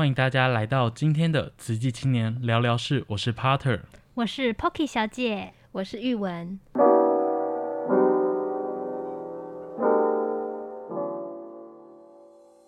歡迎大家來到今天的《慈濟青年聊聊事》，我是 Potter，我是 Potter，我是 Pocky 小姐，我是聿文。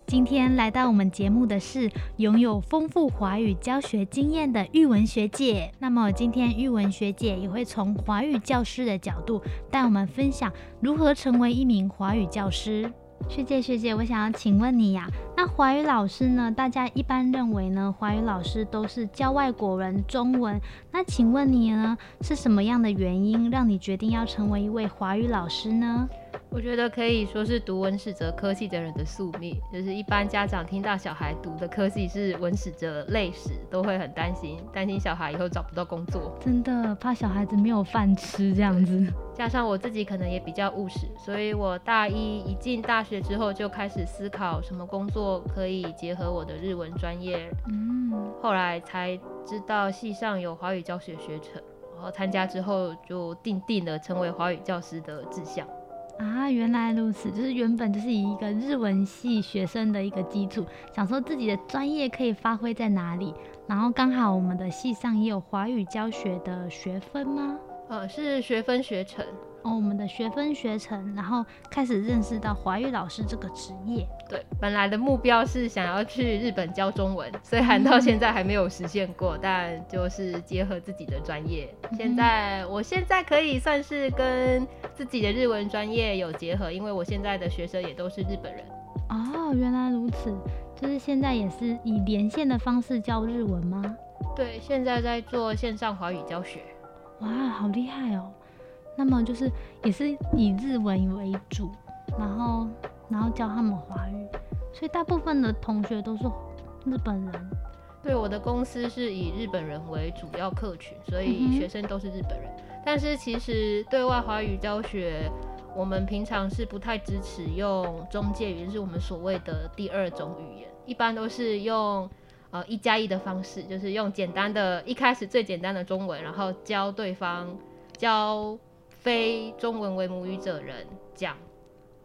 今天來到我們節目的是擁有豐富華語教學經驗的聿文學姐。那麼今天聿文學姐也會從華語教師的角度帶我們分享如何成為一名華語教師。學姐，學姐，我想要請問你呀。那華語老師呢？大家一般認為呢，華語老師都是教外國人中文。那請問你呢，是什麼樣的原因讓你決定要成為一位華語老師呢？我覺得可以說是讀文史哲科系的人的宿命，就是一般家長聽到小孩讀的科系是文史哲類時，都會很擔心，擔心小孩以後找不到工作，真的怕小孩子沒有飯吃這樣子。加上我自己可能也比較務實，所以我大一一進大學之後就開始思考什麼工作可以結合我的日文專業。嗯，後來才知道系上有華語教學學程，然後參加之後就訂定了成為華語教師的志向。啊，原來如此，就是原本就是以一個日文系學生的一個基礎，想說自己的專業可以發揮在哪裡，然後剛好我們的系上也有華語教學的學分嗎？呃，是學分學程。哦，我們的學分學程，然後開始認識到華語老師這個職業。對，本來的目標是想要去日本教中文，雖然到現在還沒有實現過，嗯、但就是結合自己的專業。現在、嗯，我現在可以算是跟自己的日文專業有結合，因為我現在的學生也都是日本人。哦，原來如此，就是現在也是以連線的方式教日文嗎？對，現在在做線上華語教學。哇，好厲害哦！那麼就是也是以日文為主，然後然後教他們華語，所以大部分的同學都是日本人。對，我的公司是以日本人為主要客群，所以學生都是日本人。嗯、但是其實對外華語教學，我們平常是不太支持用中介語，就是我們所謂的第二種語言，一般都是用呃一加一的方式，就是用簡單的一開始最簡單的中文，然後教對方教。非中文為母語者人講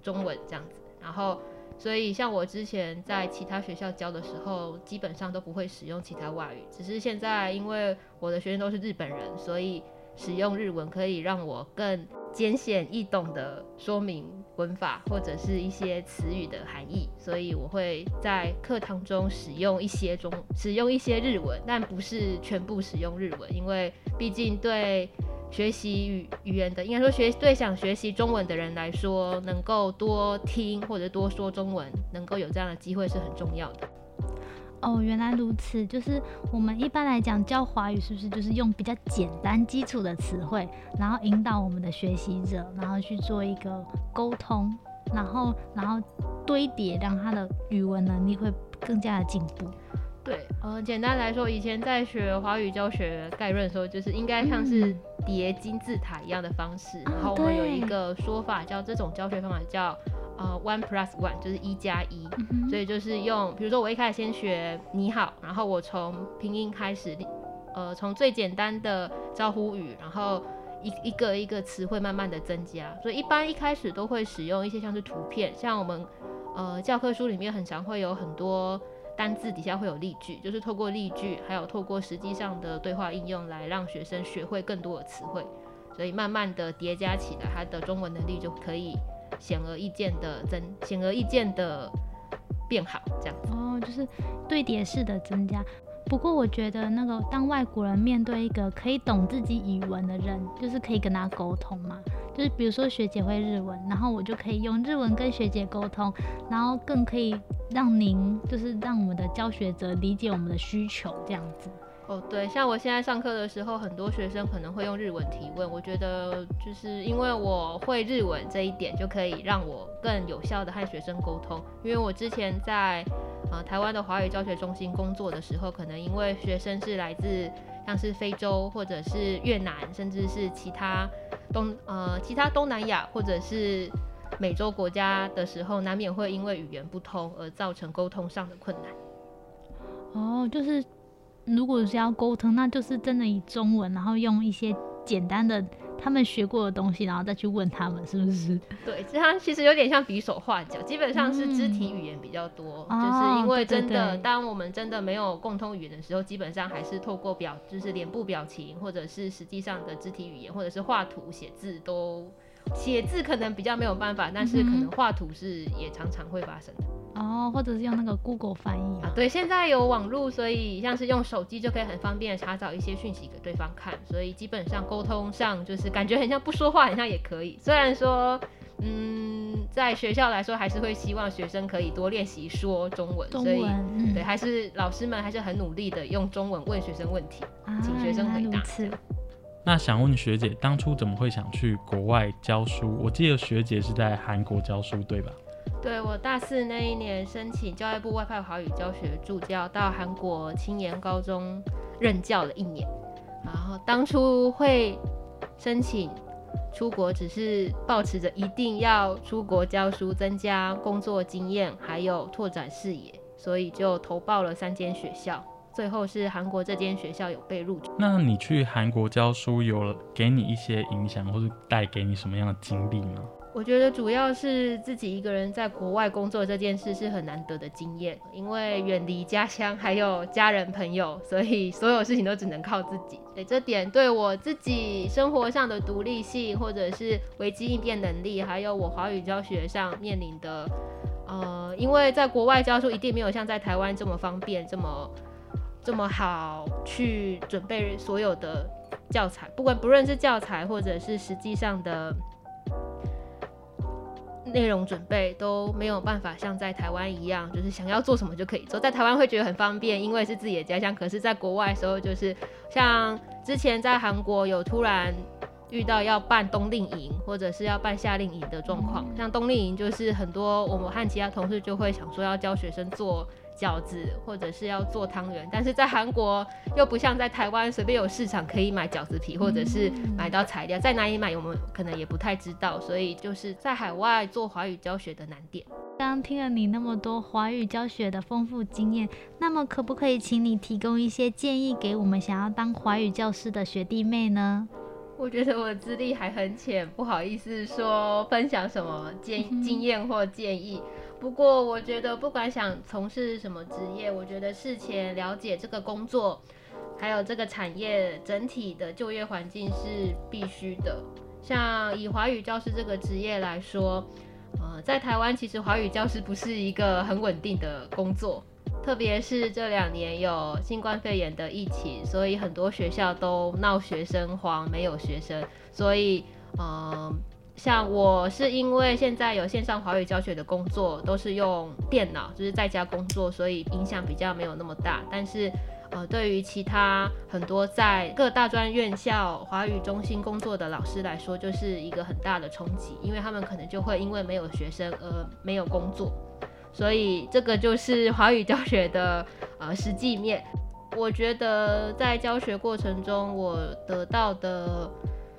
中文這樣子，然後所以像我之前在其他學校教的時候，基本上都不會使用其他外語，只是現在因為我的學生都是日本人，所以使用日文可以讓我更淺顯易懂的說明文法或者是一些詞語的含義，所以我會在課堂中使用一些中使用一些日文，但不是全部使用日文，因為畢竟對。學習語語言的，應該說學對想學習中文的人來說，能夠多聽或者多說中文，能夠有這樣的機會是很重要的。哦，原來如此，就是我們一般來講教華語，是不是就是用比較簡單基礎的詞彙，然後引導我們的學習者，然後去做一個溝通，然後然後堆疊，讓他的語文能力會更加的進步。對，呃，簡單來說，以前在學華語教學概論的時候，就是應該像是疊金字塔一樣的方式，嗯。然後我們有一個說法叫，叫這種教學方法叫呃 one plus one，就是一加一。所以就是用，比如說我一開始先學你好，然後我從拼音開始，呃，從最簡單的招呼語，然後一一個一個詞彙慢慢的增加。所以一般一開始都會使用一些像是圖片，像我們呃教科書裡面很常會有很多。單字底下會有例句。就是透過例句，還有透過實際上的對話應用來讓學生學會更多的詞彙，所以慢慢的疊加起來，他的中文能力就可以顯而易見的增、顯而易見的變好，這樣。哦，就是堆疊式的增加。不過我覺得那個當外國人面對一個可以懂自己語文的人，就是可以跟他溝通嘛，就是比如說學姐會日文，然後我就可以用日文跟學姐溝通，然後更可以，讓您就是讓我們的教學者理解我們的需求，這樣子。哦，對，像我現在上課的時候，很多學生可能會用日文提問。我覺得就是因為我會日文這一點，就可以讓我更有效地和學生溝通。因為我之前在呃台灣的華語教學中心工作的時候，可能因為學生是來自像是非洲或者是越南，甚至是其他東呃其他東南亞或者是。美洲國家的時候，難免會因為語言不通而造成溝通上的困難。哦，就是如果是要溝通，那就是真的以中文，然後用一些簡單的他們學過的東西，然後再去問他們，是不是？對，其實它其實有點像比手畫腳，基本上是肢體語言比較多。嗯，就是因為真的，哦對對對，當我們真的沒有共通語言的時候，基本上還是透過表，就是臉部表情，或者是實際上的肢體語言，或者是畫圖、寫字都。寫字可能比較沒有辦法，但是可能畫圖是也常常會發生的哦，或者是用那個 Google 翻譯啊，啊。對，現在有網絡，所以像是用手機就可以很方便查找一些訊息給對方看，所以基本上溝通上就是感覺很像不說話，很像也可以。雖然說，嗯，在學校來說還是會希望學生可以多練習說中文、中文，所以對，還是老師們還是很努力的用中文問學生問題，啊、請學生回答。那想問學姐，當初怎麼會想去國外教書？我記得學姐是在韓國教書，對吧？對，我大四那一年申請教育部外派華語教學助教，到韓國青年高中任教了一年。然後當初會申請出國，只是抱持着一定要出國教書，增加工作經驗，還有拓展視野，所以就投報了三間學校。最後是韓國這間學校有被錄取。那你去韓國教書，有了給你一些影響，或者帶給你什麼樣的經歷呢？我覺得主要是自己一個人在國外工作這件事是很難得的經驗，因為遠離家鄉，還有家人朋友，所以所有事情都只能靠自己。對這點，對我自己生活上的獨立性，或者是危機應變能力，還有我華語教學上面臨的，呃，因為在國外教書一定沒有像在台灣這麼方便，這麼。這麼好去準備所有的教材，不管，不論是教材或者是實際上的內容準備，都沒有辦法像在台灣一樣，就是想要做什麼就可以做。在台灣會覺得很方便，因為是自己的家鄉。可是，在國外的時候，就是像之前在韓國有突然。遇到要辦冬令營或者是要辦夏令營的狀況，像冬令營就是很多我們和其他同事就會想說要教學生做餃子或者是要做湯圓，但是在韓國又不像在台灣隨便有市場可以買餃子皮或者是買到材料，在哪裡買我們可能也不太知道，所以就是在海外做華語教學的難點。剛聽了你那麼多華語教學的豐富經驗，那麼可不可以請你提供一些建議給我們想要當華語教師的學弟妹呢？我覺得我資歷還很淺，不好意思說分享什麼經經驗或建議。不過我覺得不管想從事什麼職業，我覺得事前了解這個工作，還有這個產業整體的就業環境是必須的。像以華語教師這個職業來說，呃，在台灣其實華語教師不是一個很穩定的工作。特別是這兩年有新冠肺炎的疫情，所以很多學校都鬧學生荒，沒有學生，所以，嗯、呃，像我是因為現在有線上華語教學的工作，都是用電腦，就是在家工作，所以影響比較沒有那麼大。但是，呃，對於其他很多在各大專院校華語中心工作的老師來說，就是一個很大的衝擊，因為他們可能就會因為沒有學生而沒有工作。所以，這個就是華語教學的呃實際面。我覺得在教學過程中，我得到的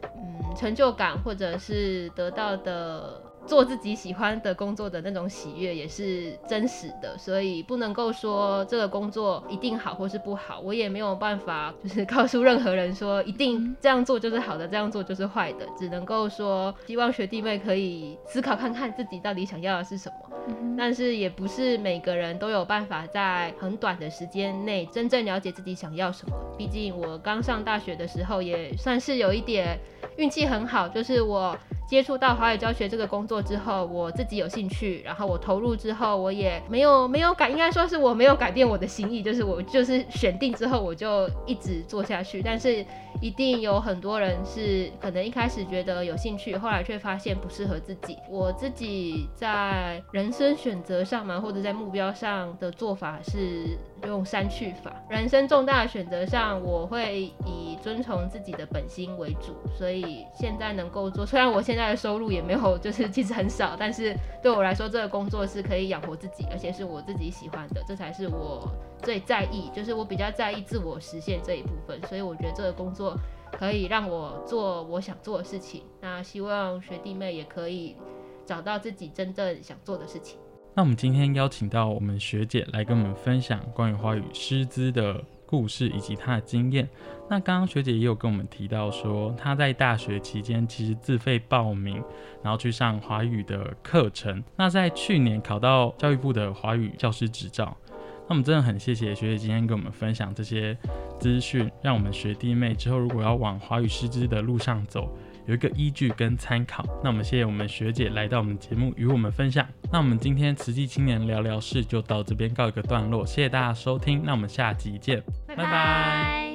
嗯成就感，或者是得到的。做自己喜歡的工作的那種喜悅也是真實的，所以不能夠說這個工作一定好或是不好，我也沒有辦法就是告訴任何人說一定這樣做就是好的，這樣做就是壞的，只能夠說希望學弟妹可以思考看看自己到底想要的是什麼，但是也不是每個人都有辦法在很短的時間內真正了解自己想要什麼，畢竟我剛上大學的時候也算是有一點運氣很好，就是我。接觸到華語教學這個工作之後，我自己有興趣，然後我投入之後，我也沒有沒有改，應該說是我沒有改變我的心意，就是我就是選定之後，我就一直做下去，但是。一定有很多人是可能一開始覺得有興趣，後來卻發現不適合自己。我自己在人生選擇上嘛，或者在目標上的做法是用刪去法。人生重大的選擇上，我會以遵從自己的本心為主。所以現在能夠做，雖然我現在的收入也沒有，就是其實很少，但是對我來說，這個工作是可以養活自己，而且是我自己喜歡的，這才是我最在意，就是我比較在意自我實現這一部分。所以我覺得這個工作。可以讓我做我想做的事情，那希望學弟妹也可以找到自己真正想做的事情。那我們今天邀請到我們學姐來跟我們分享關於華語師資的故事以及她的經驗。那剛剛學姐也有跟我們提到說，她在大學期間其實自費報名，然後去上華語的課程。那在去年考到教育部的華語教師執照。那我們真的很謝謝學姐今天跟我們分享這些資訊，讓我們學弟妹之後如果要往華語師資的路上走，有一個依據跟參考。那我們謝謝我們學姐來到我們節目與我們分享。那我們今天慈濟青年聊聊事就到這邊告一個段落，謝謝大家收聽，那我們下集見，拜拜。